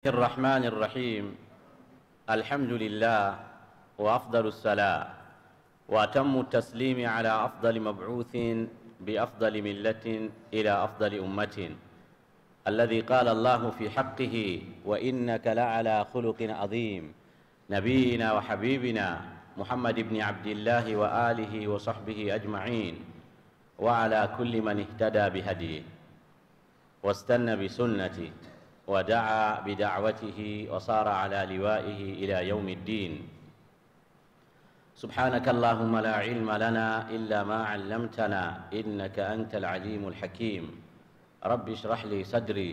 الرحمن الرحيم الحمد لله وأفضل الصلاة وأتم التسليم على أفضل مبعوث بأفضل ملة إلى أفضل أمة الذي قال الله في حقه وإنك لعلى خلق عظيم نبينا وحبيبنا محمد بن عبد الله وآله وصحبه أجمعين وعلى كل من اهتدى بهديه واستنى بسنته ودعا بدعوته وصار على لوائه إلى يوم الدين سبحانك اللهم لا علم لنا إلا ما علمتنا إنك أنت العليم الحكيم رب اشرح لي صدري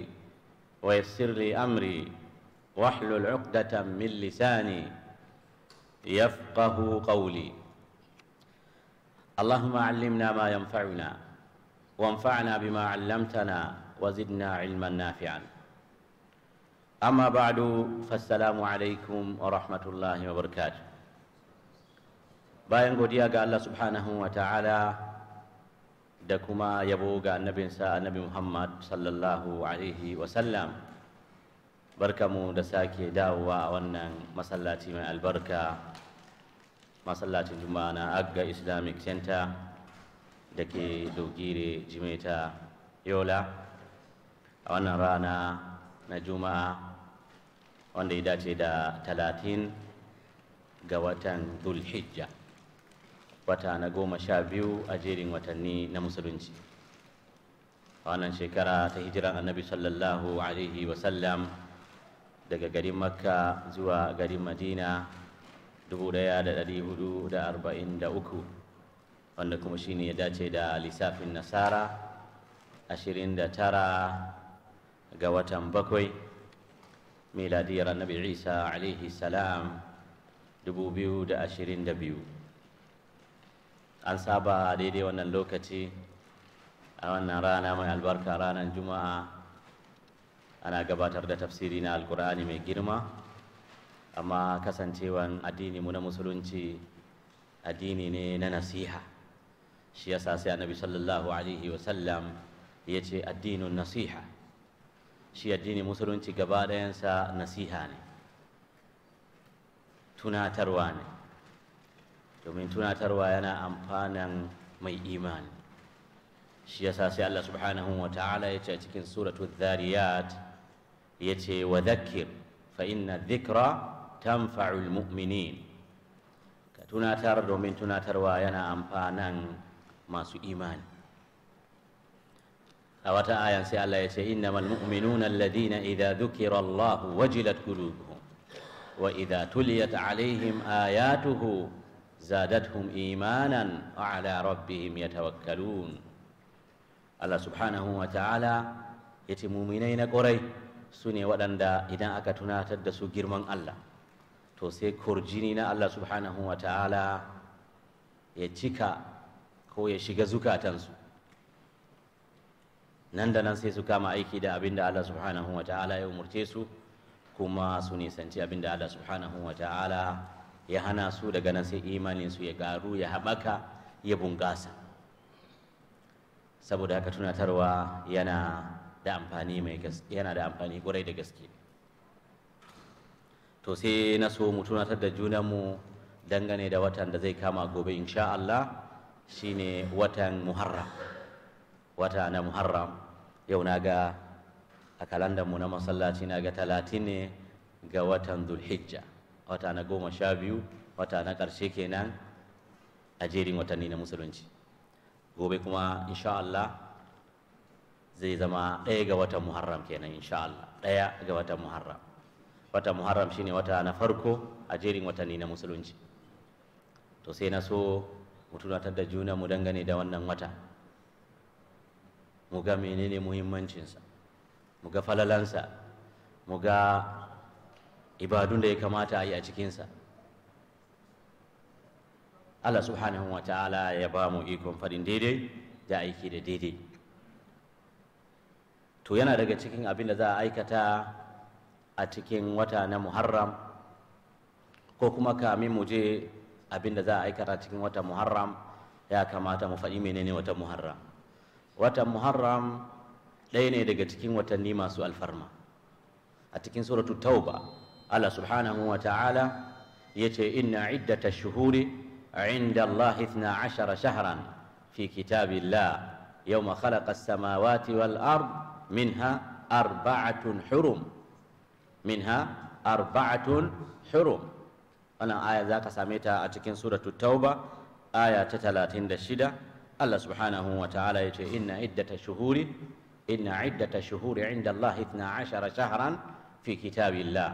ويسر لي أمري واحلل عقدة من لساني يفقه قولي اللهم علمنا ما ينفعنا وانفعنا بما علمتنا وزدنا علما نافعا أما بعد فالسلام alaikum wa rahmatullahi wa barkatu. bayan godiya ga Allah subhanahu wa ta'ala da kuma yabo ga annabinsa annabi Muhammad sallallahu alaihi wa sallam barkamu da sake dawowa a wannan masallaci mai albarka masallacin juma'a na Agga Islamic Center da ke Dogire Jimeta Yola a wannan rana na juma'a wanda ya dace da talatin ga watan dhulhijja wata na goma sha biyu a jerin watanni na musulunci wannan shekara ta hijiran annabi sallallahu alaihi wasallam daga garin makka zuwa garin madina 1443 wanda kuma shine ya dace da lissafin nasara 29 ga watan bakwai miladiyar annabi isa alaihi salam biyu an saba daidai wannan lokaci a wannan rana mai albarka ranar juma'a ana gabatar da tafsiri na alkur'ani mai girma amma kasancewan addini mu na musulunci addini ne na nasiha shi yasa sai annabi sallallahu alaihi wasallam ya ce addinin nasiha shi addini musulunci gaba ɗayansa nasiha ne tunatarwa ne domin tunatarwa yana amfanan mai imani shi yasa sai Allah subhanahu wa ta'ala ya ce a cikin suratu dhariyat ya ce wa dhakkir fa inna dhikra tanfa'ul mu'minin ka tunatar domin tunatarwa yana amfanan masu imani a wata ayan sai Allah ya ce innamal mu'minuna alladhina idza dhukira Allah wajilat qulubuhum wa idza tuliyat alaihim ayatuhu zadatuhum imanan wa ala rabbihim yatawakkalun Allah subhanahu wa ta'ala yace mu'minai na kwarai su ne waɗanda idan aka tunatar da su girman Allah to sai kurjini na Allah subhanahu wa ta'ala ya cika ko ya shiga zukatansu nan da nan sai su kama aiki da abin da Allah subhanahu wa ta'ala ya umurce su kuma su nisanci abin da Allah subhanahu wa ta'ala ya hana su daga nan sai imanin su ya garu ya haɓaka ya bungasa saboda haka tunatarwa yana da amfani mai yana da amfani gurai da gaske to sai na so mu tunatar da junanmu dangane da watan da zai kama gobe insha Allah shine watan Muharram wata na Muharram yau na ga a mu na masallaci na ga talatin ne ga watan zulhijja wata na goma sha biyu wata na ƙarshe kenan a jerin watanni na musulunci gobe kuma insha Allah zai zama ɗaya ga watan muharram kenan insha Allah ɗaya ga watan muharram watan muharram shine wata na farko a jerin watanni na musulunci to sai na so mu tunatar da juna mu dangane da wannan wata mu ga menene muhimmancinsa mu ga falalansa mu ga ibadun da ya kamata a yi a cikinsa Allah subhanahu wa ya ba mu ikon faɗin daidai da aiki da daidai to yana daga cikin abin da za a aikata a cikin wata na muharram ko kuma kamin mu je abin da za a aikata cikin wata muharram ya kamata mu faɗi menene wata muharram wata muharram ɗaya ne daga cikin watanni masu alfarma a cikin suratu tauba Allah subhanahu wa ta'ala yace inna iddata shuhuri inda Allah 12 ashara shahran fi kitabillah yawma khalaqa as-samawati wal ard minha arba'atun hurum minha arba'atun hurum wannan aya zaka same ta a cikin suratu tauba aya ta 36 الله سبحانه وتعالى يقول إن عدة شهور إن عدة شهور عند الله اثنا عشر شهرا في كتاب الله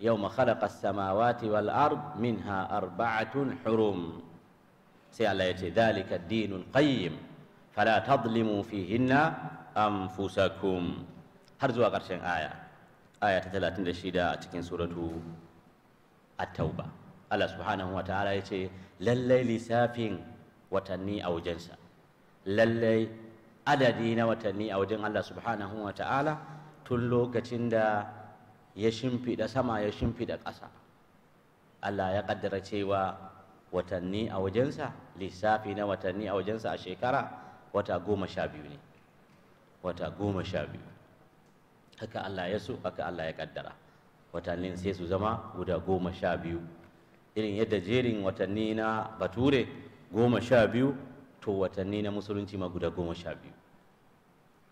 يوم خلق السماوات والأرض منها أربعة حرم سيالله يتي ذلك الدين القيم فلا تظلموا فيهن أنفسكم هرزوا قرشن آية آية 36 تكين سورة التوبة الله سبحانه وتعالى يقول للي لسافين وتني أو جنسا lallai adadi na watanni a wajen Allah subhanahu wa ta'ala tun lokacin da ya shimfiɗa sama ya shimfiɗa ƙasa Allah ya ƙaddara cewa watanni a wajensa lissafi na watanni a wajensa a shekara wata goma sha biyu ne wata goma sha biyu haka Allah ya so haka Allah ya ƙaddara watannin sai su zama guda goma sha biyu irin yadda jerin watanni na bature goma sha biyu to watanni na musulunci ma guda goma sha biyu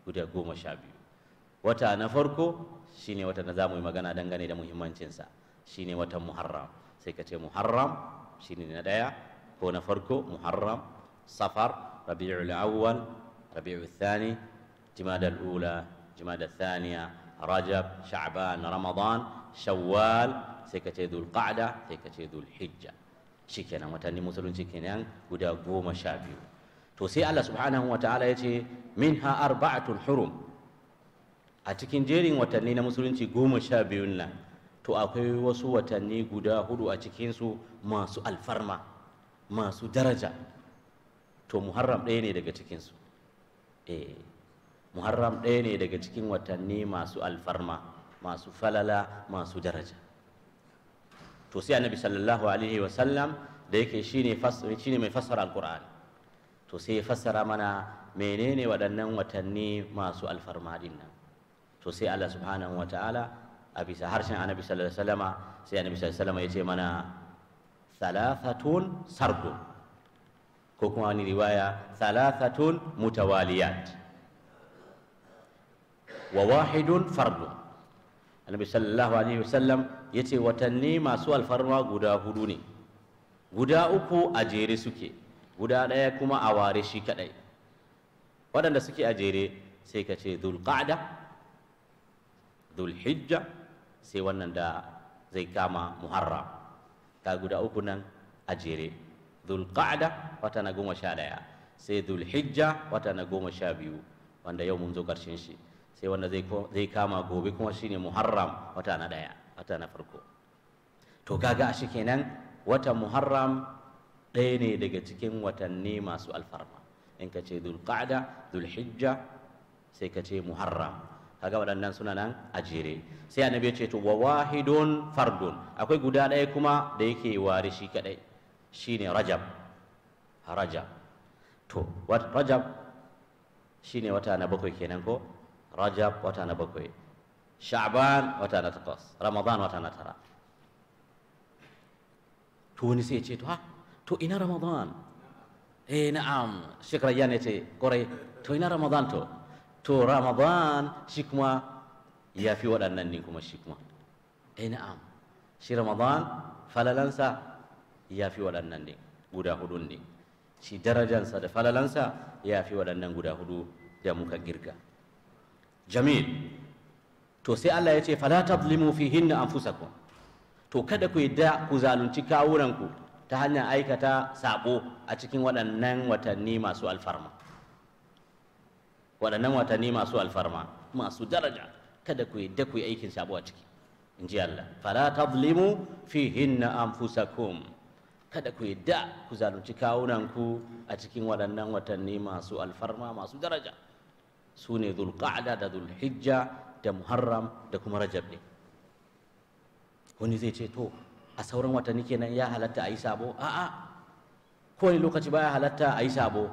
guda goma sha biyu wata na farko shine wata da yi magana dangane da muhimmancinsa shine watan muharram sai ka ce muharram shine na ɗaya ko na farko muharram safar rabi'ul awwal rabi'ul thani jimadal ula jimadal thaniya rajab sha'ban ramadan shawwal sai ka ce dhul qa'da sai ka ce dhul hijja shikenan watanni musulunci kenan guda goma sha biyu to sai Allah subhanahu wa ta'ala ya ce min ha arba'atun hurum a cikin jerin watanni na musulunci goma sha biyun nan to akwai wasu watanni guda hudu a cikinsu masu alfarma masu daraja to muharram ɗaya ne daga cikinsu eh muharram ɗaya ne daga cikin watanni masu alfarma masu falala masu daraja to sai annabi sallallahu alaihi wasallam da yake shine shine mai fassara alqur'ani to sai ya fassara mana menene waɗannan watanni masu alfarma nan to sai Allah subhanahu wataala a bisa harshen annabi sallallahu alaihi wasallama sai annabi sallallahu alaihi mana thalathatun sardun ko kuma wani riwaya thalathatun mutawaliyat wa wahidun fardun annabi sallallahu alaihi wasallam ya ce watanni masu alfarma guda hudu ne guda uku a jere suke guda ɗaya kuma a ware shi kaɗai waɗanda suke a jere sai ka ce dulƙada dulhijja sai wannan da zai kama muharra ka guda uku nan a jere dulƙada wata na goma sha ɗaya sai dulhijja wata na goma sha biyu wanda yau mun zo ƙarshen shi sai wanda zai kama gobe kuma shine muharram wata na ɗaya wata na farko to kaga a shi kenan wata muharram ɗaya ne daga cikin watanni masu alfarma in ka ce zulqa'da dulhijja sai ka ce muharram kaga waɗannan suna nan a jere sai annabi ya ce to wa wahidun fardun akwai guda ɗaya kuma da yake wari shi kadai shine rajab rajab to rajab shine wata na bakwai kenan ko rajab wata na bakwai sha'ban wata na takwas ramadan wata na tara to wani sai ya ce to ha ah, to ina ramadan eh na'am shek rayyan ya ce kore. to ina ramadan to to ramadan shi kuma ya fi waɗannan ne kuma shi kuma eh na'am shi ramadan falalansa ya fi waɗannan ne guda hudun ne shi darajansa da falalansa ya fi waɗannan guda hudu da muka girga jamil to sai Allah ya ce fala tadlimu fihinna anfusakum to kada ku yadda ku zalunci kawunanku ta hanyar aikata sabo a cikin waɗannan watanni masu alfarma waɗannan watanni masu alfarma masu daraja kada ku yi ku yi aikin sabo a ciki in ji Allah fala tazlimu fihinna anfusakum kada ku yadda ku zalunci kawunanku a cikin waɗannan watanni masu alfarma masu daraja su ne zulqa'da da zulhijja da muharram da kuma rajab ne wani zai ce to a sauran watanni kenan ya halatta a yi sabo a'a kowane lokaci baya halatta a yi sabo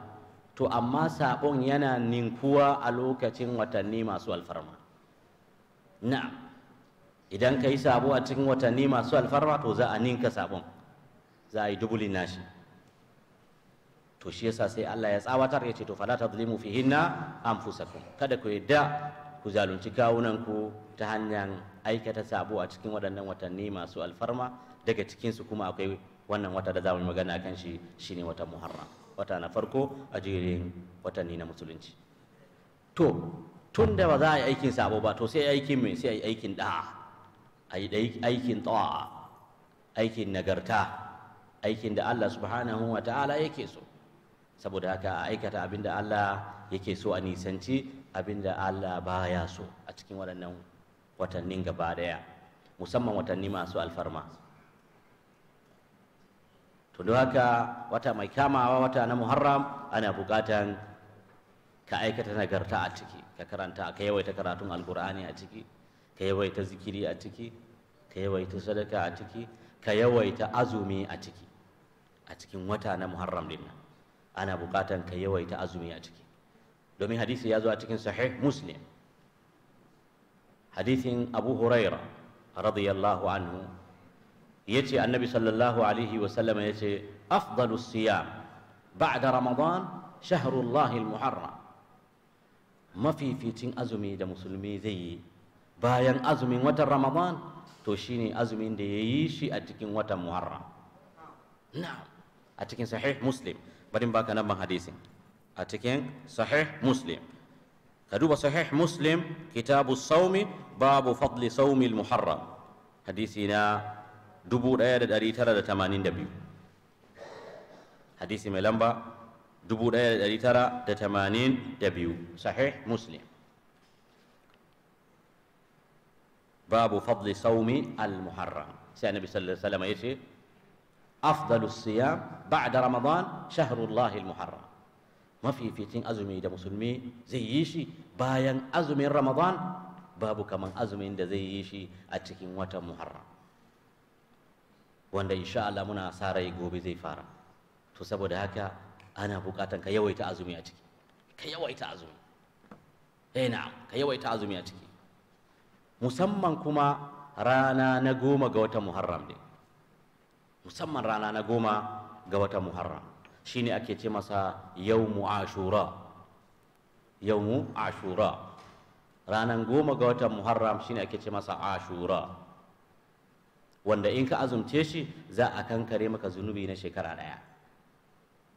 to amma sabon yana ninkuwa a lokacin watanni masu alfarma na'am idan ka yi sabo a cikin watanni masu alfarma to za a ninka sabon za a yi dubulin nashi to shi yasa sai Allah ya tsawatar ya ce to zulimu fi hinna anfusakum kada ku yadda ku zalunci kawunanku ta hanyar aikata sabo a cikin waɗannan watanni masu alfarma daga cikinsu kuma akwai wannan wata da za mu yi magana akan shi shine wata muharram wata na farko a jirin watanni na musulunci to tun da ba za a yi aikin sabo ba to sai aikin mai sai a yi aikin da a yi aikin ta'a aikin nagarta aikin da Allah subhanahu wa ta'ala yake so saboda haka a aikata abin da Allah yake so a nisanci abin da Allah baya so a cikin waɗannan watannin gaba daya musamman watanni masu alfarma to don haka wata mai kamawa wata na muharram ana bukatan ka aikata nagarta a ciki ka karanta ka yawaita karatun alkur'ani a ciki ka yawaita zikiri a ciki ka yawaita sadaka a ciki ka yawaita azumi a ciki a cikin wata na muharram din nan ana bukatan ka yawaita azumi a ciki domin hadisi ya zo a cikin sahih muslim hadisin abu huraira radiyallahu anhu yace annabi sallallahu alaihi wa sallama yace afdalu siyam ba'da ramadan shahrullahi almuharram mafificin azumi da musulmi zai yi bayan azumin watan ramadan to shine azumin da yayi shi a cikin watan muharram na'am a cikin sahih muslim bari baka nan ban hadisin a cikin sahih muslim ka duba sahih muslim kitabu saumi babu fadli saumi muharram hadisi na dubu ɗaya da ɗari tara da tamanin da biyu hadisi mai lamba dubu ɗaya da ɗari tara da tamanin da biyu sahih muslim babu fadli saumi al-muharram sai annabi sallallahu alaihi wasallam yace afdalu siyam ba'da ramadan shahrullahi al-muharram mafificin azumi da musulmi zai yi shi bayan azumin ramadan babu kaman azumin da zai yi shi a cikin watan muharram wanda insha Allah muna sa rai gobe zai fara to saboda haka ana bukatan ka yawaita azumi a ciki ka yawaita azumi eh na ka yawaita azumi a ciki musamman kuma rana na goma ga watan Muharram ne musamman rana na goma ga watan Muharram shine ake ce masa yawmu ashura yawmu ashura ranan goma ga watan Muharram shine ake ce masa ashura wanda in ka azumce shi za a kankare maka zunubi na shekara ɗaya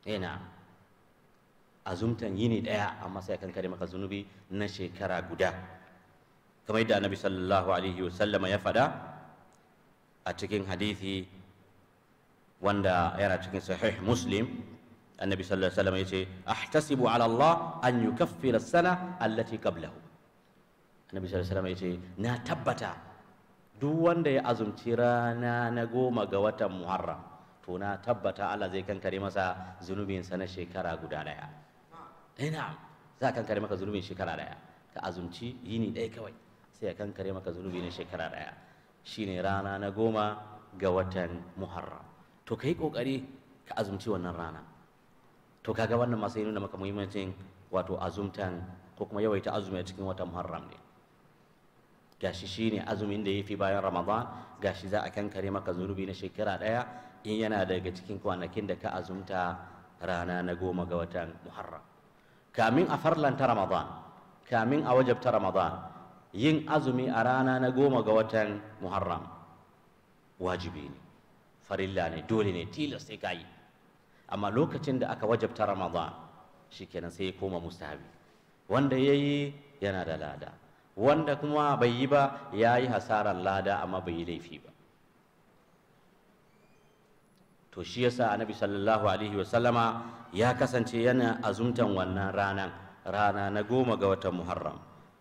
ina eh, azumtan yini ɗaya amma sai a kankare maka zunubi na shekara guda kamar yadda annabi sallallahu alaihi wasallama ya faɗa a cikin hadithi wanda yana cikin sahih muslim annabi sallallahu alaihi wasallam yace ahtasibu ala Allah an yukaffira sana allati qablahu annabi sallallahu alaihi wasallam ce na tabbata duk wanda ya azumci rana na goma ga watan muharram to na tabbata Allah zai kankare masa zunubinsa na shekara guda daya ina eh, za kankare maka zunubin shekara daya ka azumci yini ɗaya kawai sai ya kankare maka zunubi na shekara daya shine rana na goma ga watan muharram to ka yi ka azumci wannan rana to kaga wannan masu nuna maka muhimmancin wato azumtan ko kuma yawaita azumi a cikin watan muharram ne gashi shine azumin da ya fi bayan ramadan gashi za a kankare maka zunubi na shekara ɗaya in yana daga cikin kwanakin da ka azumta rana na goma ga watan muharram kamin a farlanta ramadan kamin a wajabta ramadan yin azumi a rana na goma ga watan muharram wajibi ne farilla ne dole ne tilas sai ka yi amma lokacin da aka wajabta ramadan shikenan sai ya koma mustahabi wanda ya yi yana da lada wanda kuma bai yi ba ya yi hasarar lada amma bai yi laifi ba to shi yasa annabi sallallahu alaihi wasallama ya kasance yana azumtan wannan ranan rana na goma ga watan muharram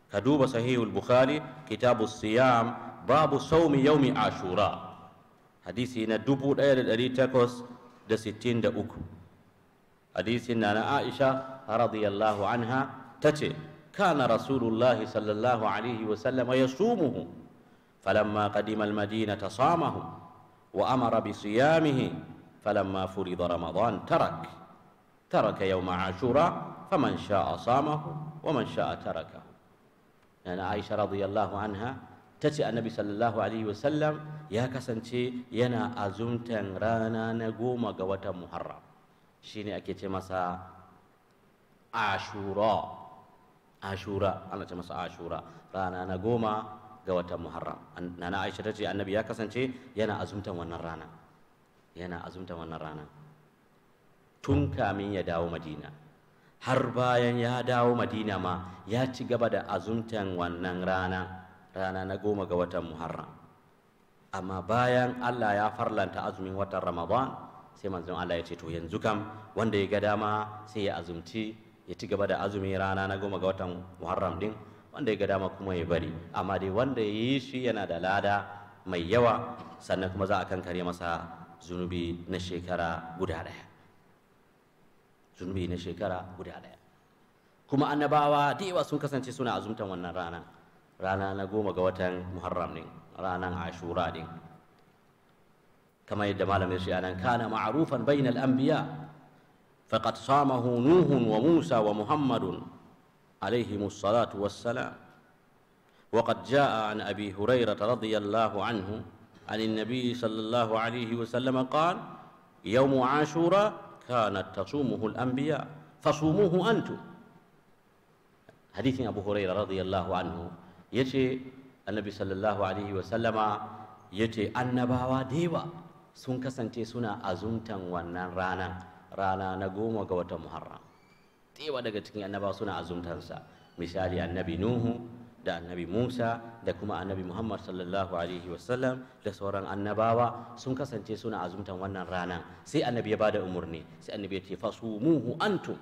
ka duba sahihul bukhari kitabu siyam babu saumi yaumi ashura hadisi na 1863 uku. na na aisha radiyallahu anha tace كان رسول الله صلى الله عليه وسلم يصومه فلما قدم المدينة صامه وأمر بصيامه فلما فرض رمضان ترك ترك يوم عاشوراء فمن شاء صامه ومن شاء تركه يعني عائشة رضي الله عنها تتي النبي صلى الله عليه وسلم يا كسنتي ينا أزمت رانا نقوم قوة محرم شيني أكيتي مسا عاشوراء ashura ana ce masa ashura rana na goma ga watan muharram nana aisha ta ce annabi ya kasance yana azumtan wannan rana yana azumtan wannan rana tun kamin ya dawo madina har bayan ya dawo madina ma ya ci gaba da azumtan wannan rana rana na goma ga watan muharram amma bayan allah ya farlanta azumin watan ramadan sai manzon allah ya ce to yanzu kam wanda ya ga dama sai ya azumci ya ci gaba da azumi rana na goma ga watan muharram din wanda ya ga dama kuma ya bari amma dai wanda ya yi shi yana da lada mai yawa sannan kuma za a kare masa zunubi na shekara guda ɗaya zunubi na shekara guda ɗaya kuma annabawa da yawa sun kasance suna azumtan wannan rana rana na goma ga watan muharram din ranan ashura din kamar yadda malamin shi anan kana ma'rufan bainal anbiya فقد صامه نوح وموسى ومحمد عليهم الصلاة والسلام وقد جاء عن أبي هريرة رضي الله عنه عن النبي صلى الله عليه وسلم قال يوم عاشوراء كانت تصومه الأنبياء فصوموه أنتم حديث أبو هريرة رضي الله عنه يتي النبي صلى الله عليه وسلم يتي أنبا ديوة sun kasance أزمتا ونرانا rana na goma ga watan muharram tewa daga cikin annaba suna azumtansa misali annabi nuhu da annabi musa da kuma annabi muhammad sallallahu alaihi wasallam da sauran annabawa sun kasance suna azumtan wannan ranan sai annabi ya bada umurni sai annabi ya ce muhu antum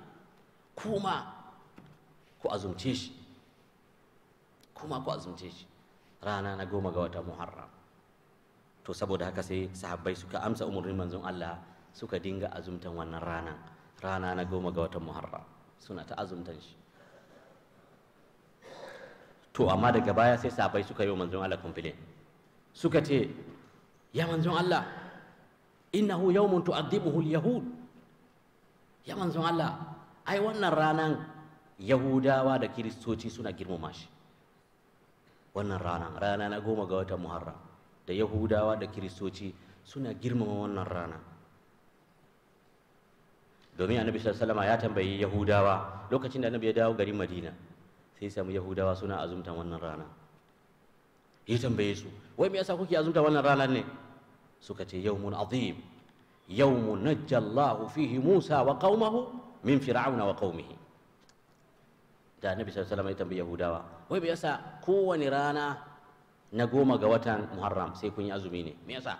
kuma ku azumce shi kuma ku azumce shi rana na goma ga watan muharram to saboda haka sai sahabbai suka amsa umurnin manzon Allah suka dinga azumtan wannan rana rana na goma ga watan muharra suna ta azumtan shi to amma daga baya sai safai suka yi wa manzon Allah complain suka ce ya manzon Allah innahu yawmun tu'adhibuhu al-yahud ya manzon Allah ai wannan ranan yahudawa da kiristoci suna girmama shi wannan rana rana na goma ga watan muharra da yahudawa da kiristoci suna girmama wannan rana domin annabi sallallahu alaihi wasallam ya tambayi yahudawa lokacin da annabi ya dawo garin madina sai samu yahudawa suna azumta wannan rana ya tambaye su wai me yasa kuke azumta wannan rana ne suka ce yawmun azim yawmun najjallahu fihi musa wa qaumahu min fir'auna wa qaumihi da annabi sallallahu alaihi ya tambayi yahudawa wai me yasa kowane rana na goma ga watan muharram sai kun yi azumi ne me yasa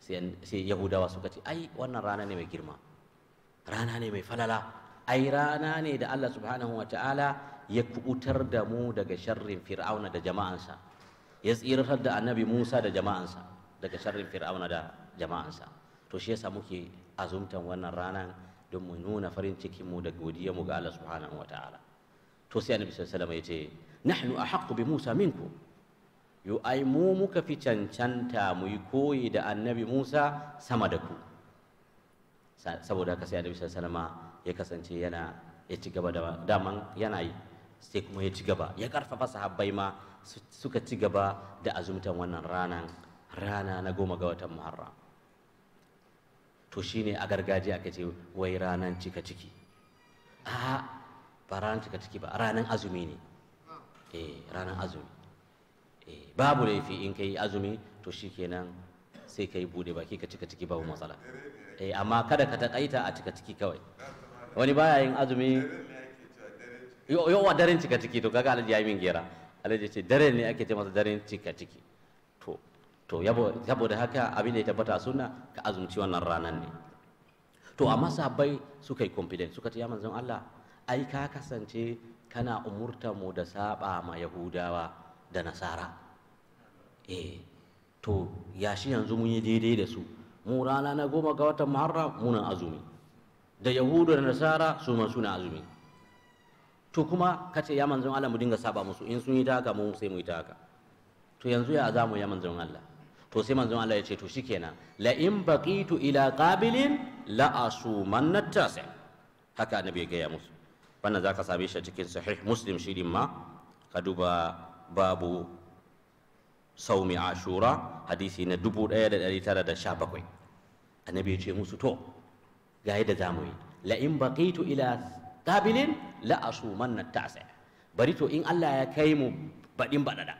sai yahudawa suka ce ai wannan rana ne mai girma rana ne mai falala ai rana ne da Allah subhanahu wa ta'ala ya kubutar da mu daga sharrin fir'auna da jama'ansa ya tsirar da annabi Musa da jama'ansa daga sharrin fir'auna da jama'ansa to shi yasa muke azumtan wannan ranan don mu nuna farin cikin mu da godiyar mu ga Allah subhanahu wa ta'ala to sai annabi sallallahu alaihi wasallam yace nahnu ahaqqu bi Musa minku yu ai mu muka fi cancanta mu yi koyi da annabi Musa sama da ku saboda haka sai annabi salama ya kasance yana ya ci gaba da yana yi sai kuma ya ci gaba ya karfafa sahabbai ma suka ci gaba da azumtan wannan ranan rana na goma ga watan muharram to shine a gargajiya aka ce wai ranan cika ciki a ba ranan cika ciki ba ranan azumi ne eh ranan azumi eh babu laifi in kai azumi to shikenan sai kai bude baki ka cika ciki babu matsala eh amma kada ka takaita a cika ciki kawai wani baya yin azumi yawa daren cika ciki to kaga alhaji yayi min gera alhaji ce daren ne ake ce masa daren cika ciki to to yabo da haka abin da ya tabbata suna ka azumci wannan ranar ne to amma sahabbai suka yi confidence suka ce ya manzon Allah ai ka kasance kana umurta mu da saba ma yahudawa da nasara eh to yashi yanzu mun yi daidai da su mu rana na goma ga watan muharram muna azumi da yahudu da nasara su ma suna azumi to kuma kace ya manzon Allah mu dinga saba musu in sun yi ta haka mu sai mu yi ta haka to yanzu ya zamu ya manzon Allah to sai manzon Allah ya ce to shikenan la in baqitu ila qabilin la na tasi haka annabi ya gaya musu wannan zaka same shi a cikin sahih muslim shirin ma ka duba babu saumi ashura hadisi na 1917 annabi ya ce musu to ga yadda za mu yi la in baqitu ila la'asu la asumanna ta'sa bari to in Allah ya kai mu baɗin baɗaɗa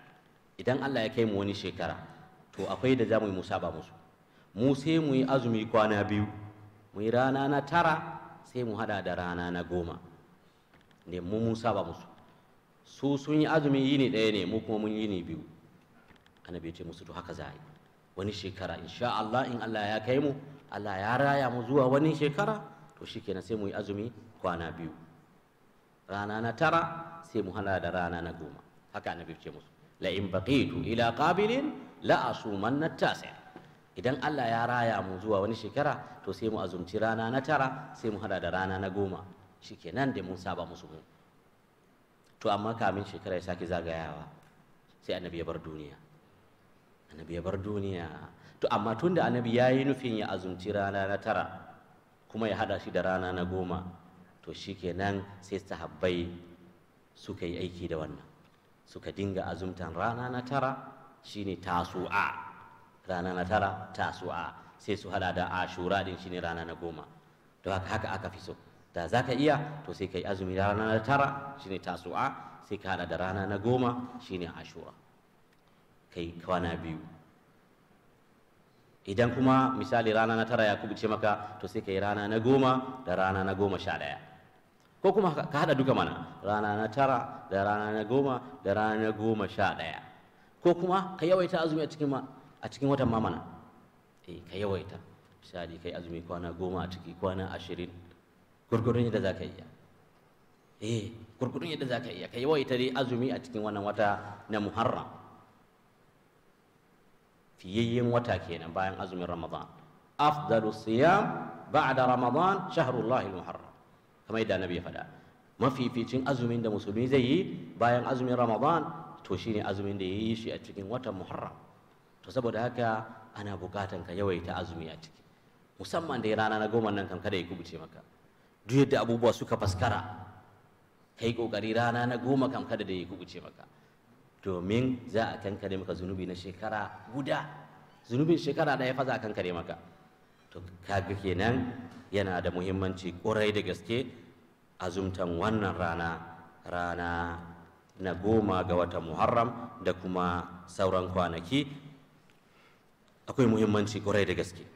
idan Allah ya kai mu wani shekara to akwai da za mu yi ba musu mu sai mu yi azumi kwana biyu mu yi rana na tara sai mu hada da rana na goma ne mu ba musu su sun yi azumi yini ɗaya ne mu kuma mun yini biyu annabi ya ce musu to haka za a yi wani shekara insha Allah in Allah ya kai mu Allah ya raya mu zuwa wani shekara to shikenan sai mu yi azumi kwana biyu rana na tara sai mu hana da rana na goma haka annabi ce musu la in baqitu ila qabilin la na tasi idan Allah ya raya mu zuwa wani shekara to sai mu azumci rana na tara sai mu hada da rana na goma shikenan da mun saba musu mu to amma kamin shekara ya sake zagayawa sai annabi ya bar duniya annabi ya bar duniya to amma tun da annabi ya yi nufin ya azumci rana na tara kuma ya hada shi da rana na goma to shikenan sai sahabbai suka yi aiki da wannan suka dinga azumtan rana na tara shine tasu'a rana na tara tasu'a sai su hada da ashura din shine rana na goma to haka haka aka fi so da za ka iya to sai ka yi azumi da rana na tara shine tasu'a sai ka hada da rana na goma shine ashura kai kwana biyu idan kuma misali rana na tara ya kubuce maka to sai kai rana na goma da rana na goma sha ɗaya ko kuma ka haɗa duka mana rana na tara da rana na goma da rana na goma sha ɗaya ko kuma ka yawaita azumi a cikin watan mamana eh ka yawaita misali kai azumi kwana goma a ciki kwana ashirin gurgurun yadda za ka iya eh gurgurun yadda za ka iya ka yawaita dai azumi a cikin wannan wata na muharram fiyayyen wata kenan bayan azumin ramadan afdalu siyam ba'da ramadan shahrullahi muharram kamar yadda annabi ya faɗa mafificin azumin da musulmi zai yi bayan azumin ramadan to shine azumin da ya yi shi a cikin watan muharram to saboda haka ana bukatan ka yawaita azumi a ciki musamman da rana na goma nan kan kada ya kubuce maka duk yadda abubuwa suka faskara kai kokari rana na goma kan kada da ya kubuce maka domin za a kankare maka zunubi na shekara guda zunubin shekara ɗaya fa za a kankare maka to kaga kenan yana da muhimmanci ƙwarai da gaske azumtan wannan rana rana na goma ga wata muharram da kuma sauran kwanaki akwai muhimmanci ƙwarai da gaske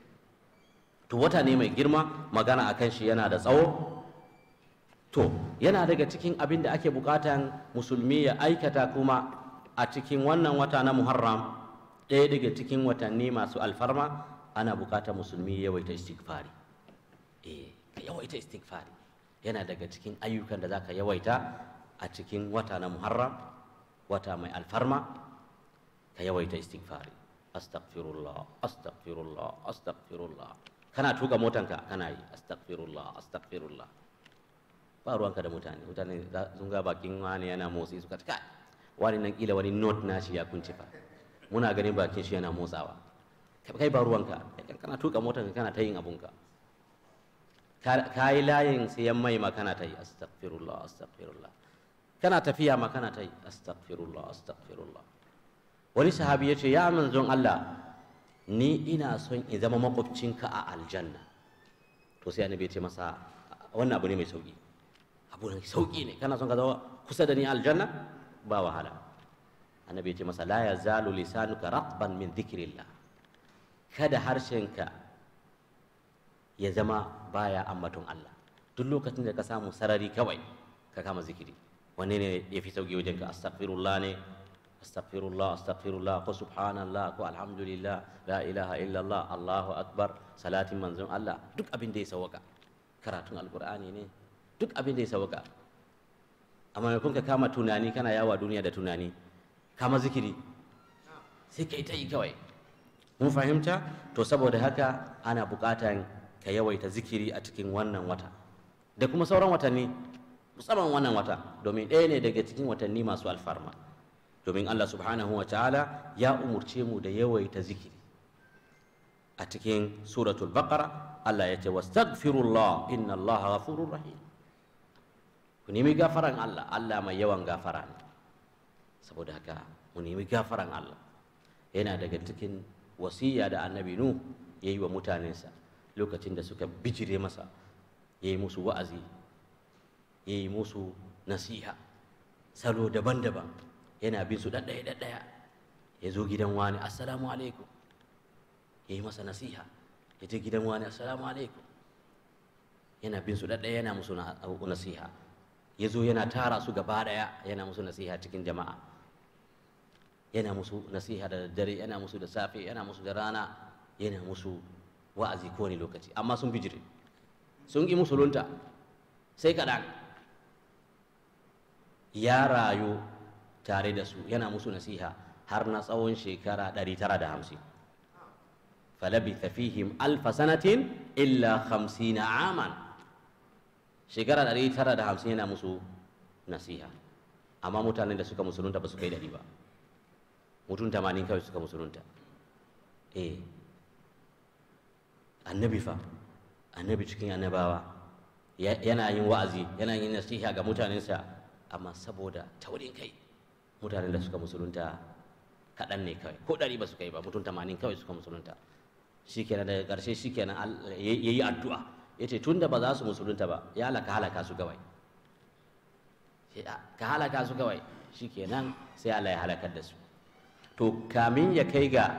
to wata ne mai girma magana kan shi yana da tsawo to yana daga cikin abin da ake bukatan musulmi ya aikata kuma a cikin wannan wata na muharram ɗaya daga cikin watanni masu alfarma ana bukatar musulmi yawaita istighfari eh ka yawaita istighfari yana daga cikin ayyukan da zaka yawaita a cikin wata na muharram wata mai alfarma ka yawaita istighfari astaghfirullah astaghfirullah astaghfirullah kana tuka motanka kana yi astaghfirullah astaghfirullah ba ruwanka da mutane mutane sun ga bakin wani yana motsi suka kai wani nan kila wani not nashi ya kunce fa muna ganin bakin shi yana motsawa kai ba ruwanka kana tuka motar kana ta yin abunka ka yi layin yan mai ma kana ta yi astaghfirullah astaghfirullah kana tafiya ma kana ta yi astaghfirullah astaghfirullah wani sahabi ya ce ya manzon Allah ni ina son in zama makwabcinka a aljanna to sai annabi ya ce masa wannan abu ne mai sauki abu ne sauki ne kana son ka zama kusa da ni aljanna ba wahala annabi ya ce masa la yazalu lisanuka ratban min dhikrillah kada harshenka ya zama baya ambaton Allah duk lokacin da ka samu sarari kawai ka kama zikiri wanne ne ya fi sauki wajen ka astaghfirullah ne astaghfirullah astaghfirullah ko subhanallah ko alhamdulillah la ilaha illallah allahu akbar salatin manzon Allah duk abin da ya sawaka karatun alqur'ani ne duk abin da ya sawaka a maimakon ka kama tunani kana yawa duniya da tunani kama zikiri sai ka yi yi kawai mun fahimta to saboda haka ana buƙatan ka yawaita zikiri a cikin wannan wata da kuma sauran watanni musamman wannan wata domin ɗaya ne daga cikin watanni masu alfarma domin Allah subhanahu wa ta'ala ya umurce mu da yawaita zikiri a cikin suratul baqara Allah ya ce wastaghfirullah inna Allah ghafurur rahim ku nemi gafaran Allah Allah mai yawan gafara ne saboda haka mu nemi gafaran Allah yana daga cikin wasiya da annabi nu ya yi wa mutanensa lokacin da suka bijire masa ya yi musu wa'azi ya yi musu nasiha salo daban-daban yana bin su ɗaɗɗaya-ɗaɗɗaya ya zo gidan wani assalamu alaikum ya yi masa nasiha ya je gidan wani assalamu alaikum yana bin su ɗaɗɗaya yana musu nasiha ya zo yana tara su gaba daya yana musu nasiha cikin jama'a yana musu nasiha da daddare yana musu da safe yana musu da rana yana musu wa'azi kowane lokaci amma sun bijire sun ƙi musulunta sai kaɗan ya rayu tare da su yana musu nasiha har na tsawon shekara 950 falabi fihim alfa sanatin illa 50 aman shekara ɗari tara da hamsin yana musu nasiha amma mutanen da suka musulunta ba su kai ɗari ba mutum tamanin kawai suka musulunta eh annabi fa annabi cikin annabawa yana yin wa'azi yana yin nasiha ga mutanensa amma saboda taurin kai mutanen da suka musulunta kaɗan ne kawai ko ɗari ba su kai ba mutum tamanin kawai suka musulunta shi kenan daga ƙarshe shi kenan ya yi addu'a yace tunda ba za su musulunta ba ya halaka halaka su gawai ka halaka su ke nan sai Allah ya halakar da su to kamin ya kai ga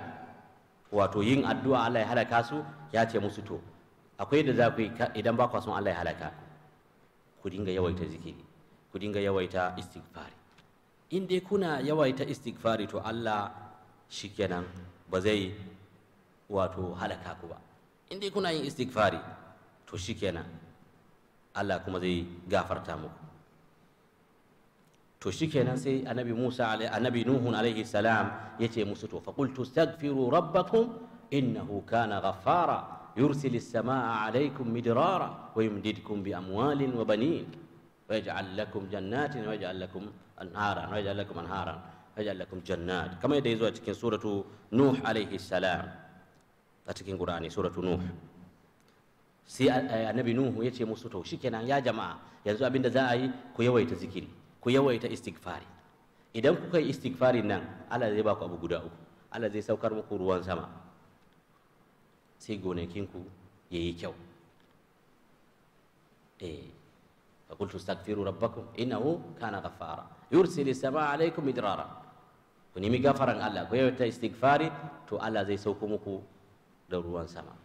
wato yin addu'a Allah ya halaka su ya ce musu to akwai da za ku yi idan ba ku son Allah ya halaka ku dinga yawaita zikiri ku dinga yawaita istighfari in dai kuna yawaita istighfari to Allah shi shikenan ba zai wato halaka ku ba in dai kuna yin istighfari توشيكينا الله كم ذي غافر تامو توشيكينا سي النبي موسى عليه النبي نوح عليه السلام يتي موسى فقلت استغفروا ربكم انه كان غفارا يرسل السماء عليكم مدرارا ويمددكم باموال وبنين ويجعل لكم جنات ويجعل لكم انهارا ويجعل لكم انهارا ويجعل لكم جنات كما يدعي سوره نوح عليه السلام اتكين قراني سوره نوح sai annabi nuhu ya ce musu to shikenan ya jama'a yanzu abin da za a yi ku yawaita zikiri ku yawaita istighfari idan kuka yi istighfari nan Allah zai baku abu guda uku Allah zai saukar muku ruwan sama sai gonakinku ya yi kyau eh فقلت astaghfiru rabbakum innahu kana ghaffara yursilu samaa alaykum مدرارا ku nemi gafaran Allah ku yawaita istighfari to Allah zai sauko muku da ruwan sama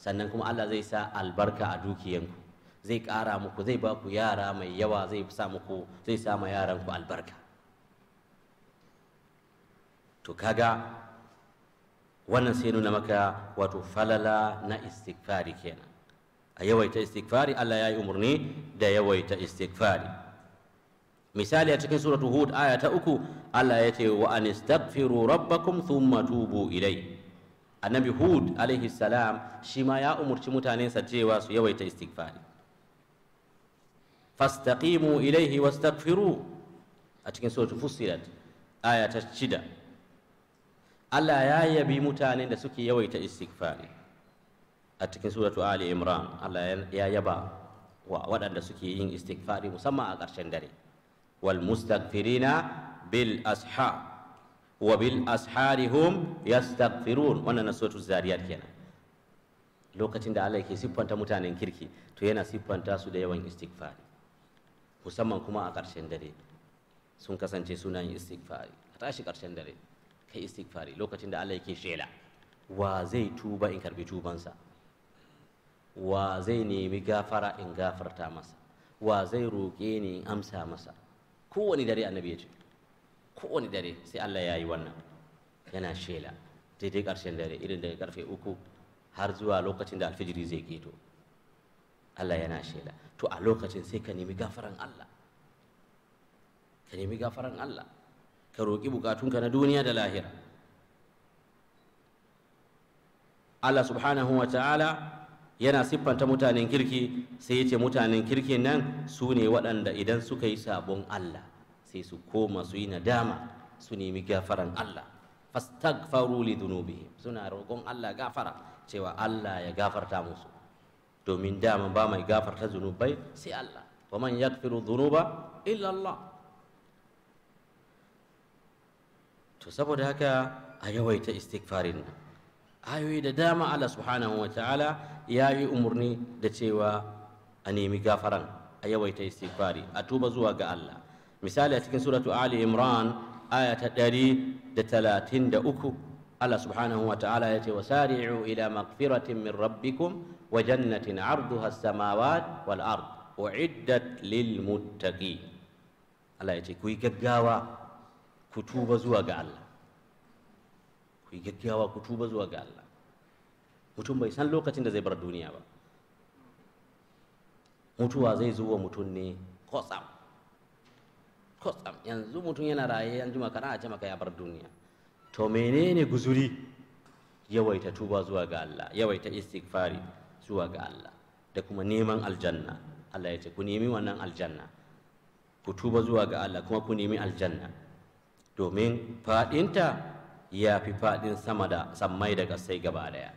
sannan kuma Allah zai sa albarka a dukiyanku zai ƙara muku zai ba ku yara mai yawa zai sa muku zai sa ma yaranku albarka to kaga wannan sai nuna maka wato falala na istighfari kenan a yawaita istighfari Allah ya yi umarni da yawaita istighfari misali a cikin suratu hud aya ta uku Allah ya ce wa anistaghfiru rabbakum thumma tubu ilai. annabi hud alaihi salam shi ma ya umarci mutanensa cewa su yawaita istighfari fastaqimu ilaihi wastaghfiru a cikin suratul fussilat aya ta shida Allah ya yabi mutanen da suke yawaita istighfari a cikin suratul ali imran Allah ya yaba wa waɗanda suke yin istighfari musamman a ƙarshen dare wal mustaghfirina bil ashab wa bil asharihum yastaghfirun wannan na suratul zariyat kenan lokacin da Allah yake siffanta mutanen kirki to yana siffanta su da yawan istighfari musamman kuma a ƙarshen dare sun kasance suna yin istighfari a tashi ƙarshen dare kai istighfari lokacin da Allah yake shela wa zai tuba in karbi tubansa wa zai nemi gafara in gafarta masa wa zai roƙe ni in amsa masa kowane dare annabi ya ce kowane dare sai Allah ya yi wannan yana shela daidai ƙarshen dare irin daga karfe uku har zuwa lokacin da alfijiri zai geto Allah yana shela to a lokacin sai ka nemi gafaran Allah ka nemi gafaran Allah ka roƙi bukatunka na duniya da lahira Allah subhanahu wa ta'ala yana siffanta mutanen kirki sai ya ce mutanen kirki nan su ne waɗanda idan suka yi sabon Allah sai su koma su yi nadama su nemi gafaran Allah fastaghfaru li dunubi suna roƙon Allah gafara cewa Allah ya gafarta musu domin dama ba mai gafarta zunubai sai Allah wa man yaghfiru dhunuba illa Allah to saboda haka a yawaita istighfarin nan ayoyi da dama Allah subhanahu wa ta'ala ya yi umarni da cewa a nemi gafaran a yawaita istighfari a tuba zuwa ga Allah misali a cikin suratu ali imran aya ta ɗari da talatin da uku allah subhanahu wa ta'ala ya ce wasari'u ila magfiratin min rabbikum wa jannatin arduha samawat wal ard uiddat lil muttaqi allah ya ce ku yi gaggawa ku tuba zuwa ga allah ku yi gaggawa ku tuba zuwa ga allah mutum bai san lokacin da zai bar duniya ba mutuwa zai zo wa mutum ne kotsam kwatsam yanzu mutum yana raye yanzu jima kana a ce maka ya bar duniya to menene guzuri yawaita tuba zuwa ga Allah yawaita istighfari zuwa ga Allah da kuma neman aljanna Allah ya ce ku nemi wannan aljanna ku tuba zuwa ga Allah kuma ku nemi aljanna domin fadinta ya fi fadin sama da sammai daga sai gaba daya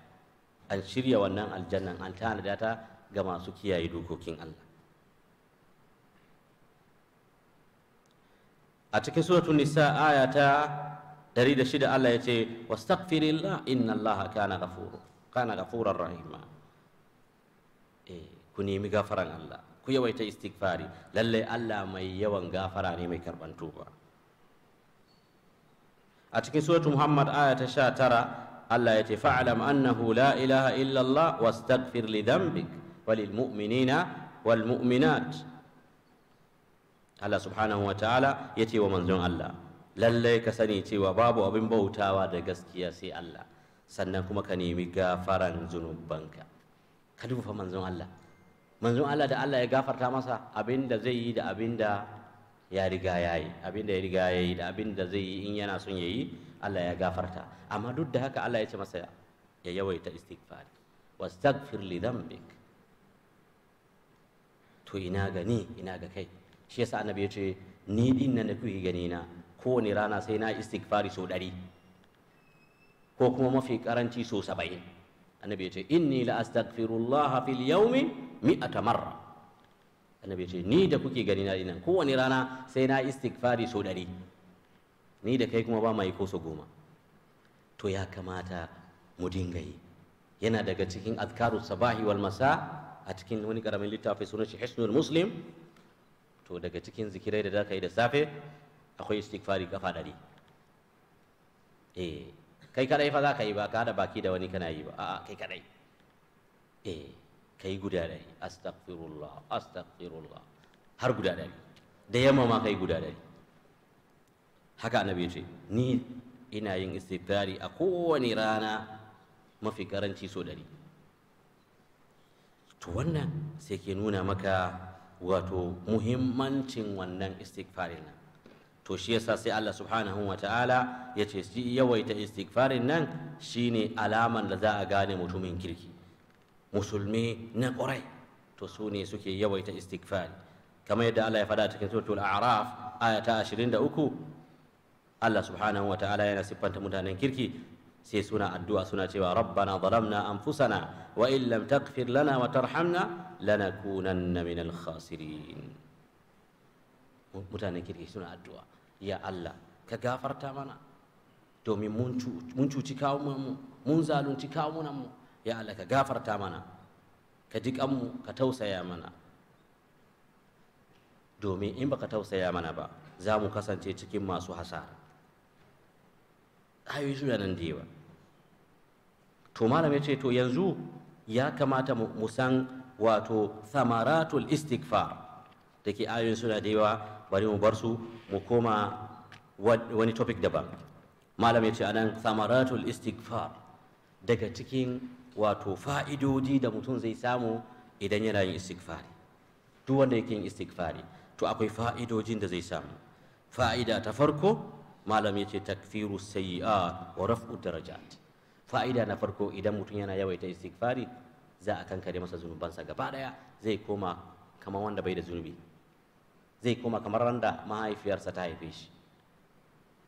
an shirya wannan aljannan an da ta ga masu kiyaye dokokin Allah a cikin suratul nisa aya ta shida Allah ya ce wastaghfirillah innallaha kana ghafuru kana ghafurar rahima eh ku nemi gafaran Allah ku yawaita istighfari lalle Allah mai yawan gafara ne mai karban tuba a cikin suratul muhammad aya ta 19 Allah ya ce fa'lam annahu la ilaha illa Allah wastaghfir li dhanbik walil mu'minina wal mu'minat Allah subhanahu ta'ala ya ce wa manzon Allah lallai ka sani cewa babu abin bautawa da gaskiya sai Allah sannan kuma ka nemi gafaran zunubanka ka dufa manzon Allah manzon Allah da Allah ya gafarta masa abin da zai yi da abin da ya riga ya yi abin ya riga ya yi da abin zai yi in yana son ya yi Allah ya gafarta amma duk da haka Allah ya ce masa ya yawaita istighfar wastaghfir li dhanbik to ina gani ina ga kai shi yasa annabi ya ce ni din nan da kuke gani na kowane rana sai na istighfari so ɗari ko kuma mafi karanci so saba'in annabi ya ce inni la astaghfirullah fil yawmi mi'ata marra annabi ya ce ni da kuke gani na dinan kowane rana sai na istighfari so ɗari ni da kai kuma ba mai ko so goma to ya kamata mu dinga yi yana daga cikin azkaru sabahi wal masa a cikin wani karamin littafi sunan shi hisnul muslim to daga cikin zikirai da za ka yi da safe akwai istighfari kafa ɗari eh kai kadai fa za ka yi ba ka hada baki da wani kana yi ba a kai kadai eh kai guda ɗari astaghfirullah astaghfirullah har guda ɗari da yamma ma kai guda ɗari haka annabi ya ce ni ina yin istighfari a kowane rana mafi karanci so ɗari to wannan sai ke nuna maka wato muhimmancin wannan istighfarin nan to shi yasa sai Allah subhanahu wa ta'ala ya ce shi yawaita istighfarin nan shine alaman da za a gane mutumin kirki musulmi na ƙwarai to su ne suke yawaita istighfar kamar yadda Allah ya faɗa cikin suratul a'raf aya ta 23 Allah subhanahu wa ta'ala yana siffanta mutanen kirki sai suna addu'a suna cewa rabbana zalamna anfusana wa in lam taghfir lana wa tarhamna lanakunanna minal khasirin mutanen kirki suna addu'a ya Allah ka gafarta mana domin mun cuci mu, mun zalunci mu, ya Allah ka gafarta mana ka ji mu ka tausaya mana domin in baka tausaya mana ba za mu kasance cikin masu hasara ayoyi suna nan da yawa to malam ya ce to yanzu ya kamata mu san wato samaratul istighfar da ke ayoyin suna da yawa bari mu bar su mu koma wani topic daban malam ya ce anan samaratul istighfar daga cikin wato fa'idodi da mutum zai samu idan yana yin istighfar duk wanda yake yin istighfar to akwai fa'idojin da zai samu fa'ida ta farko malam yace takfiru sayi'a wa raf'u darajat fa'ida na farko idan mutum yana yawaita istighfari za a kankare masa zunubansa gaba daya zai koma kamar wanda bai da zunubi zai koma kamar randa mahaifiyarsa ta haife shi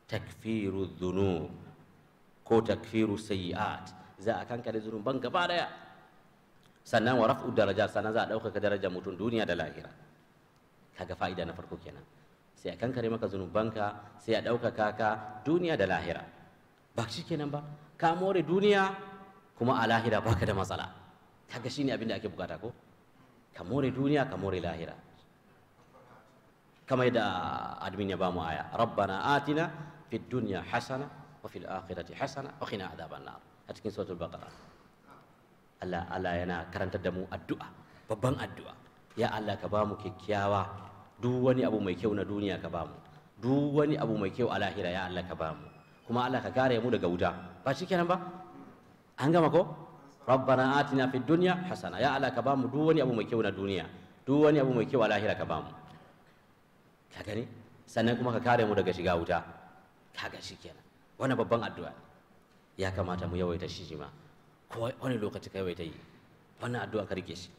takfiru zunu ko takfiru sayi'at za a kankare zunuban gaba daya sannan wa raf'u darajat sannan za a ka darajar mutum duniya da lahira kaga fa'ida na farko kenan sai a kankare maka zunubanka sai a ɗaukaka ka duniya da lahira ba shi kenan ba ka more duniya kuma a lahira ba ka da matsala kaga shine abin da ake bukata ko ka more duniya ka more lahira kamar da admin ya bamu aya rabbana atina fid dunya hasana wa fil akhirati hasana wa qina adhaban nar a cikin suratul baqara Allah Allah yana karantar da mu addu'a babban addu'a ya Allah ka bamu kyakkyawa duk wani abu mai kyau na duniya ka bamu duk wani abu mai kyau a lahira ya Allah ka bamu kuma Allah ka kare mu daga wuta ba shikenan ba an gama ko rabbana atina fid dunya hasana ya Allah ka bamu duk wani abu mai kyau na duniya duk wani abu mai kyau a lahira ka bamu ka gani sannan kuma ka kare mu daga shiga wuta kaga shikenan wannan babban addu'a ya kamata mu yawaita shi ma ko wani lokaci ka yawaita yi wannan addu'a ka rike shi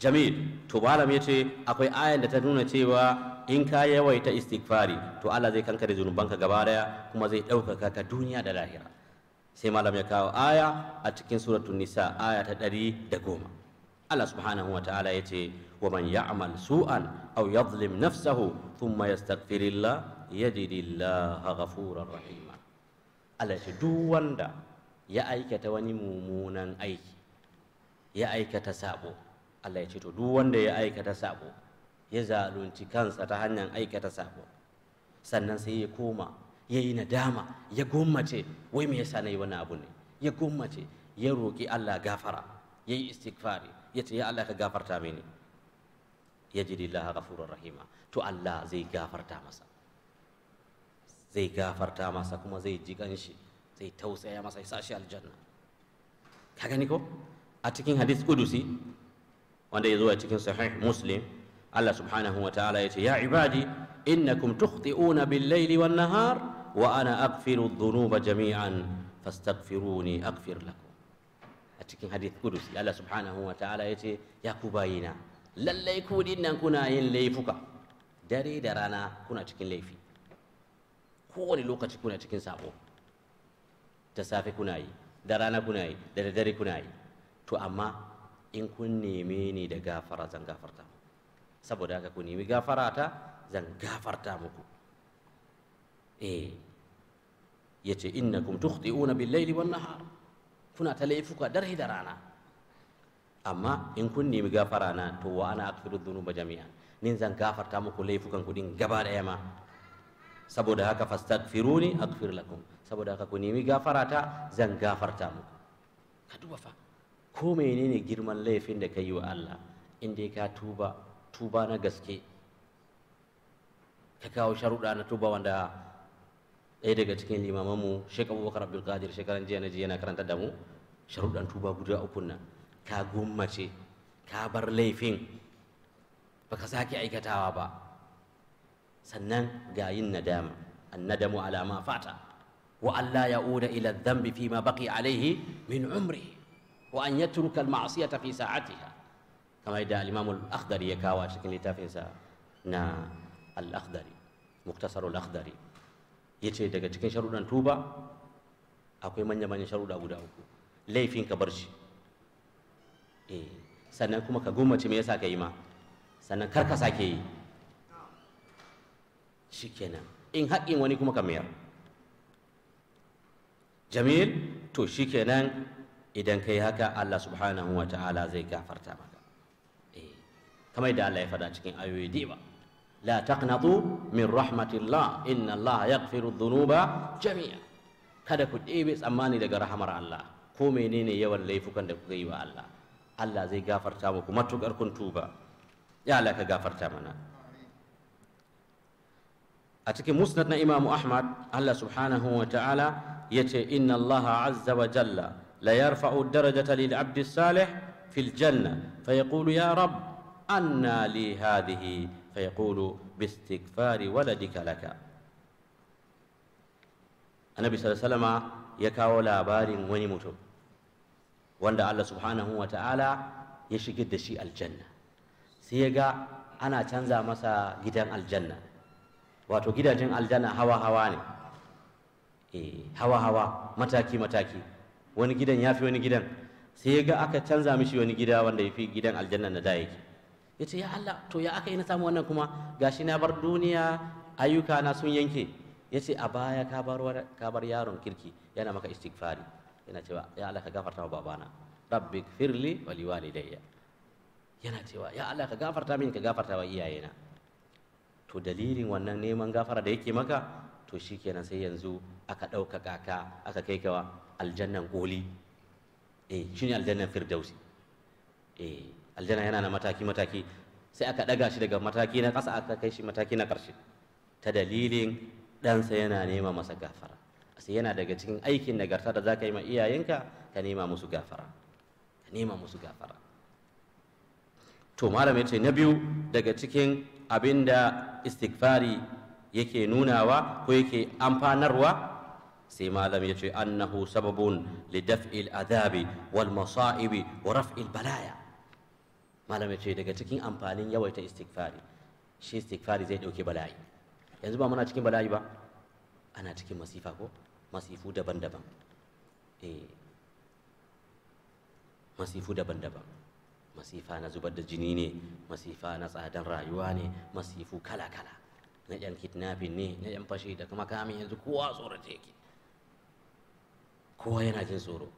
jamil to malam yace akwai ayan da ta nuna cewa in ka yawaita istighfari to Allah zai kankare ka gaba daya kuma zai ɗaukaka ka duniya da lahira sai malam ya kawo aya a cikin suratul nisa aya ta ɗari da goma Allah subhanahu wa ta'ala yace wa man ya'mal su'an aw yadhlim nafsahu thumma yastaghfirillah yajidillah ghafurar rahima Allah ya duk wanda ya aikata wani mummunan aiki ya aikata sabo Allah ya ce to duk wanda ya aikata sako ya zalunci kansa ta hanyar aikata sako sannan sai ya koma ya yi nadama ya gummace wai me yasa na yi wani abu ne ya gummace ya roƙi Allah gafara ya yi istighfari ya ce ya Allah ka gafarta mini ya ji lillah ghafurur rahima to Allah zai gafarta masa zai gafarta masa kuma zai ji kanshi zai tausaya masa ya sa shi aljanna ka gani ko a cikin hadis kudusi wanda ya zo cikin sahih muslim Allah subhanahu wa ta'ala ya ce ya ibadi innakum tukhti'una bil-laili wan-nahar wa ana aghfiru dhunuba jami'an fastaghfiruni aghfir lakum a cikin hadith kudusi Allah subhanahu wa ta'ala ya ce ya ku bayina lallai ku dinnan kuna yin laifuka dare da rana kuna cikin laifi kowane lokaci kuna cikin sako da safe kuna yi da rana kuna yi da kuna yi to amma in kun neme ni da gafara zan gafarta saboda haka ku nemi gafara ta zan gafarta muku eh yace innakum tukhti'una bil-laili wan-nahar kuna ta laifuka dare da rana amma in kun nemi gafara na to wa ana aghfiru dhunuba jami'an nin zan gafarta muku laifukan ku din gaba daya ma saboda haka fastaghfiruni aghfir lakum saboda haka ku nemi gafara ta zan gafarta muku ka duba fa ko menene girman laifin da ka yi wa Allah in dai ka tuba tuba na gaske ka kawo sharuɗa na tuba wanda ɗaya daga cikin limamanmu shekaru Abubakar Abdul Qadir shekaran jiya na ji na karanta da mu sharuɗan tuba guda uku nan ka gummace ka bar laifin baka sake aikatawa ba sannan ga yin nadama annadamu ala alama fata wa Allah uda ila dhanbi fi ma baqi alaihi min umri وأن يترك المعصية في ساعتها كما يدعى الإمام الأخضري يكاوى شكل تافيسا نا الأخضري مختصر الأخضري يتشي دقا تكين شرودا توبا أكو يمنى من شرودا أبو داوكو لي فين كبرشي إيه سنن كما كغومة تميسا كيما سنن كركسا كي شكينا إن حق إن واني كما كمير جميل تو شكينا idan yi haka Allah subhanahu wa ta'ala zai gafarta maka eh, kamar da Allah ya faɗa cikin ayoyi diba la taqnatu min rahmatillah inna Allah yaghfiru dhunuba jami'a kada ku ɗebe tsammani daga rahamar Allah ko menene yawan laifukan da kuka yi wa Allah Allah zai gafarta muku matukar kun tuba ya Allah ka gafarta mana a cikin musnad na imamu ahmad allah subhanahu wa ta'ala ya ce inna allah azza wa jalla لا يرفع الدرجة للعبد الصالح في الجنة فيقول يا رب أنا لي هذه فيقول باستغفار ولدك لك النبي صلى الله عليه وسلم يكاولا بارين ونموتو وان الله سبحانه وتعالى يشك الدشي الجنة سيجا أنا تنزى مسا جدان الجنة واتو جدان الجنة هوا هواني إيه هوا هوا متاكي متاكي wani gidan ya fi wani gidan sai ya ga aka canza mishi wani gida wanda ya fi gidan aljanna na da yake ya ce ya Allah to ya aka yi na samu wannan kuma gashi na bar duniya ayyuka na sun yanke ya ce a baya ka bar yaron kirki yana maka istighfari yana cewa ya Allah ka gafarta wa babana rabbi firli wa liwalidayya yana cewa ya Allah ka gafarta min ka gafarta wa iyayena to dalilin wannan neman gafara da yake maka to shikenan sai yanzu aka ɗauka kaka aka kai kawa aljannan koli eh ne aljannan firdausi e aljanna yana na mataki mataki sai aka daga shi daga mataki na ƙasa aka kai shi mataki na ƙarshe ta dalilin ɗansa yana nema masa gafara sai yana daga cikin aikin nagarta da za ka yi ma iyayenka ka nema musu gafara ka nema musu gafara to malam ya ce na biyu daga cikin abin da istighfari yake nunawa ko yake amfanarwa sai malam ya ce annahu sababun lidaf'il adabi wal masa'ibi wa raf'il balaya malam ya ce daga cikin amfanin yawaita istighfari shi istighfari zai dauke bala'i yanzu ba muna cikin bala'i ba ana cikin masifa ko masifu daban-daban eh masifu daban-daban masifa na zubar da jini ne masifa na tsadan rayuwa ne masifu kala-kala na yan kidnapping ne na yan fashe da kuma kamin yanzu kowa tsorata yake kowa yana jin tsoro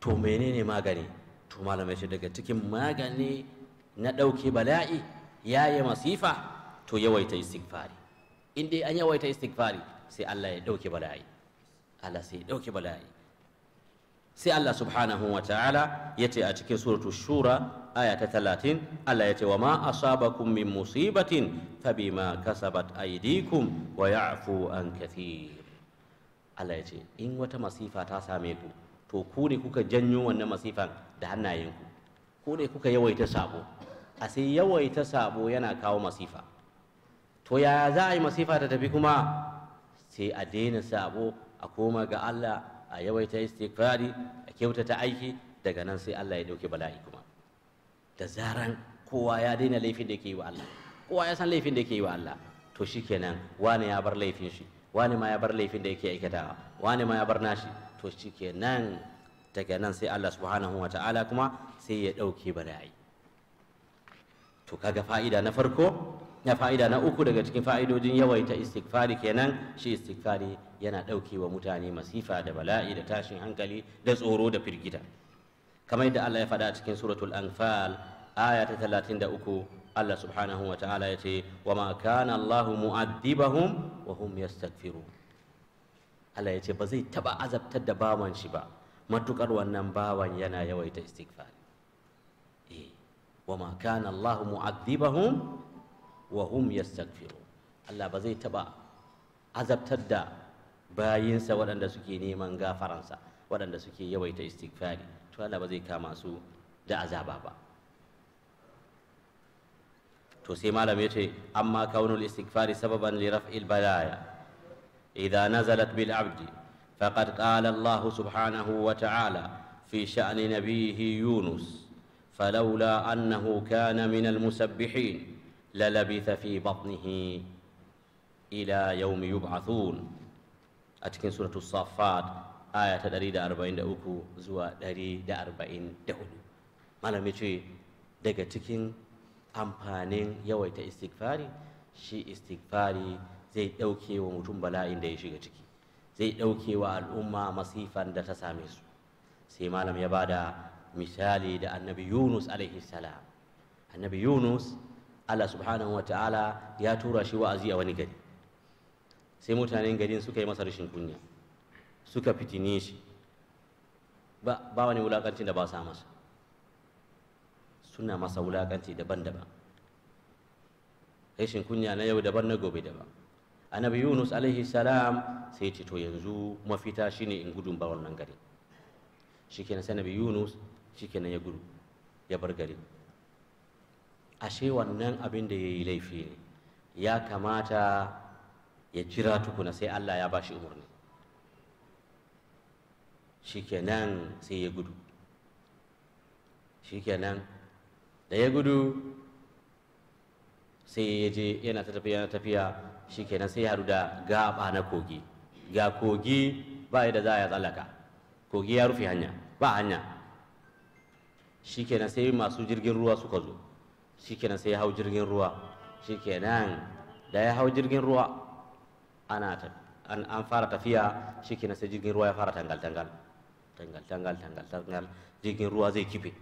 to menene magani to malamai shi daga cikin magani na ɗauke bala'i ya yi masifa to yawaita istighfari in dai an yawaita istighfari sai Allah ya ɗauke bala'i Allah sai ya ɗauke bala'i sai Allah subhanahu wa ta'ala ya ce a cikin suratu shura aya ta talatin Allah ya ce wa ma asabakum min musibatin fabima kasabat aydikum wa ya'fu an kathir Allah ya ce in wata masifa ta same ku to ku ne kuka janyo wannan masifan da hannayenku ku ne kuka yawaita sabo a sai yawaita sabo yana kawo masifa to ya za a yi masifa ta tafi kuma sai a daina sabo a koma ga Allah a yawaita istighfari a kyautata aiki daga nan sai Allah ya dauke bala'i kuma da zaran kowa ya daina laifin da ke yi wa Allah kowa ya san laifin da ke yi wa Allah to shikenan wani ya bar laifin shi wani ma ya bar laifin da yake aikatawa wani ma ya bar nashi to nan daga nan sai Allah subhanahu wa ta'ala kuma sai ya ɗauke bala'i to kaga fa'ida na farko na fa'ida na uku daga cikin fa'idojin yawaita istighfari kenan shi istighfari yana ɗauke wa mutane masifa da bala'i da tashin hankali da tsoro da firgita kamar yadda Allah ya faɗa cikin suratul anfal aya ta 33 Allah subhanahu wa ta'ala ya ce wa ma kana Allah mu'addibahum wa hum yastaghfirun Allah ya ce ba zai taba azabtar da bawan shi ba matukar wannan bawan yana yawaita istighfar eh wa ma kana Allah mu'addibahum wa hum yastaghfirun Allah ba zai taba azabtar da bayinsa waɗanda suke neman gafaransa waɗanda suke yawaita istighfari to Allah ba zai kama su da azaba ba توسيما لم يتي أما كون الاستغفار سببا لرفع البلايا إذا نزلت بالعبد فقد قال الله سبحانه وتعالى في شأن نبيه يونس فلولا أنه كان من المسبحين للبث في بطنه إلى يوم يبعثون أتكن سورة الصافات آية دريد أربعين دأوكو زوا دريد أربعين دهولو ما لم يتي دقتكين amfanin yawaita istighfari shi istighfari zai dauke wa mutum bala'in da ya shiga ciki zai dauke wa al'umma masifan da ta same su sai malam ya bada misali da annabi yunus alaihi salam annabi yunus allah subhanahu wa ta'ala ya tura shi wa'azi a wani gari sai mutanen garin suka yi masa rashin kunya suka fitine shi ba wani wulakancin da ba sa masa suna masa wulakanci daban-daban rashin kunya na yau daban na gobe daban annabi yunus alaihi salam sai ce to yanzu mafita shine in gudun ba wannan gari shikenan sai annabi yunus shikenan ya gudu ya bar gari ashe wannan abin da yayi laifi ne ya kamata ya jira tukuna sai Allah ya ba shi umarni shikenan sai ya gudu shikenan da ya gudu sai ya je yana ta tafiya yana tafiya shikenan sai ya haru da gaba na kogi ga kogi ba yadda za a tsallaka kogi ya rufe hanya ba hanya shikenan sai masu jirgin ruwa suka zo shikenan sai ya hau jirgin ruwa shikenan da ya hau jirgin ruwa ana an fara tafiya shikenan sai jirgin ruwa ya fara tangal tangal tangal tangal tangal tangal jirgin ruwa zai kife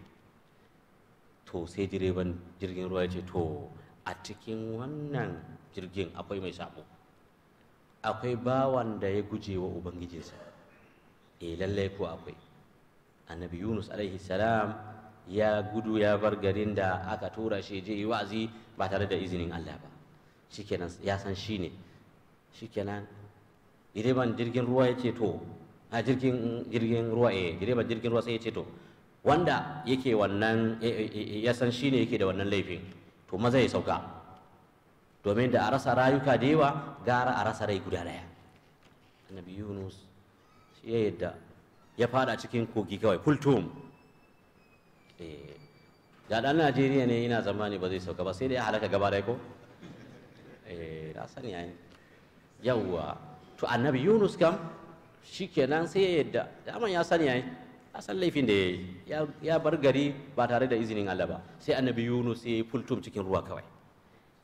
to sai direban jirgin ruwa ya ce to a cikin wannan jirgin akwai mai sabo akwai bawan da ya guje wa ubangijinsa e lallai ko akwai annabi yunus alaihi salam ya gudu ya bar garin da aka tura shi je yi wa'azi ba tare da izinin allah ba shikenan ya san shi ne shikenan direban jirgin ruwa ya ce to a jirgin ruwa eh, direban jirgin ruwa sai ya ce to wanda yake wannan ya san shine yake da wannan laifin to maza ya sauka domin da a rasa rayuka da yawa gara a rasa rai guda daya annabi yunus shi ya yadda ya fada cikin kogi kawai kultum eh, da dan najeriya ne ina zamani ba zai sauka ba sai da ya halaka gaba daya ko eh na sani to annabi yunus kam shikenan sai ya yadda daman ya sani yayi asal laifin da ya ya bar gari ba tare da izinin Allah ba sai annabi Yunus sai fultum cikin ruwa kawai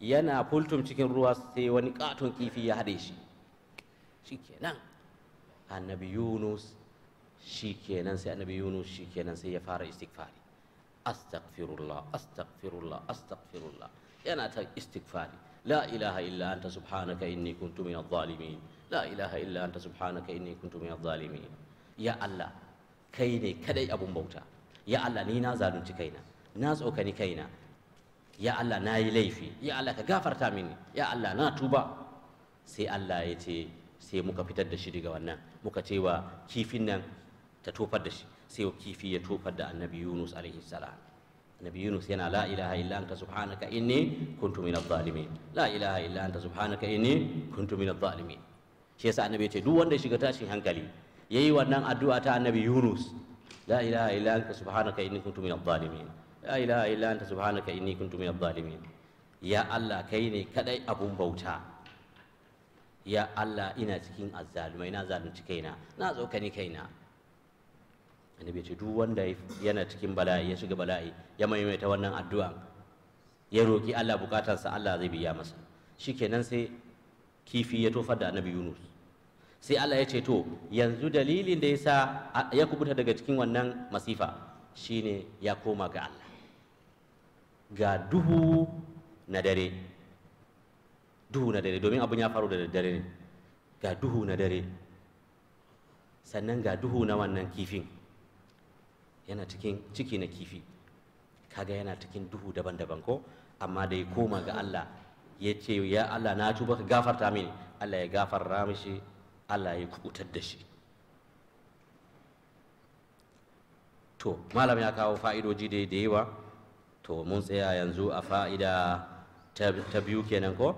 yana fultum cikin ruwa sai wani katon kifi ya hade shi shikenan annabi Yunus shikenan sai annabi Yunus shikenan sai ya fara istighfari astaghfirullah astaghfirullah astaghfirullah yana ta istighfari لا إله إلا أنت سبحانك إني كنت من الظالمين لا إله إلا أنت سبحانك إني كنت من الظالمين يا الله kai ne kadai abun bauta ya Allah ni na zalunci kaina na tsokani kaina ya Allah na yi laifi ya Allah ka gafarta mini ya Allah na tuba sai Allah ya ce sai muka fitar da shi daga wannan muka ce wa kifin nan ta tofar da shi sai kifi ya tofar da annabi Yunus alaihi salam annabi Yunus yana la ilaha illa anta subhanaka inni kuntu minadh zalimin la ilaha illa anta subhanaka inni kuntu minadh zalimin shi yasa annabi ya ce duk wanda ya shiga tashin hankali Ya yi wannan addu'a ta annabi Yunus la ilaha illa anta subhanaka inni kuntu minadh zalimin la ilaha illa anta subhanaka inni kuntu minadh zalimin ya Allah kai ne kadai abun bauta ya Allah ina cikin azzalumai na zalunci kaina na tsokani kaina annabi ce duk wanda yana cikin bala'i ya shiga bala'i ya maimaita wannan addu'a ya roki Allah bukatarsa Allah zai biya masa shikenan sai kifi ya tofar da annabi Yunus sai Allah ya ce to yanzu dalilin da yasa ya kubuta daga cikin wannan masifa shine ya koma ga Allah ga duhu na dare duhu na dare domin abun ya faru da dare ne ga duhu na dare sannan ga duhu na wannan kifin yana cikin ciki na kifi kaga yana cikin duhu daban-daban ko amma da ya koma ga Allah ya ce ya Allah na tuba ka gafarta mini Allah ya gafarta mishi Allah ya kubutar da shi to malam ya kawo fa'idoji da yawa to mun tsaya yanzu a fa'ida ta biyu kenan ko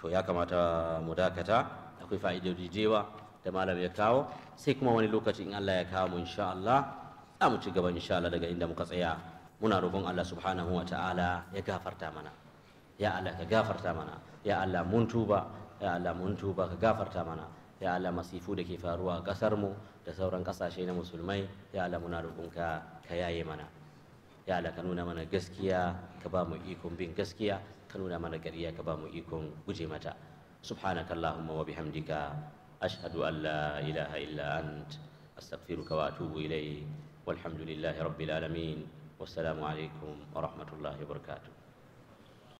to ya kamata mu dakata akwai fa'idoji da yawa da malam ya kawo sai kuma wani lokaci in Allah ya kawo mu insha Allah za mu ci gaba insha Allah daga inda muka tsaya muna roƙon Allah subhanahu wa ta'ala ya gafarta mana ya Allah ka gafarta mana ya Allah mun tuba ya Allah mun tuba ka gafarta mana ya Allah masifu da ke faruwa a ƙasar mu da sauran ƙasashe na musulmai ya Allah muna rukunka ka yaye mana ya Allah ka nuna mana gaskiya ka ba mu ikon bin gaskiya ka nuna mana gariya ka ba mu ikon guje mata subhanaka allahumma wa bihamdika ashhadu an la ilaha illa ant astaghfiruka wa atubu ilayk walhamdulillahi rabbil alamin wassalamu alaikum wa rahmatullahi wa barakatuh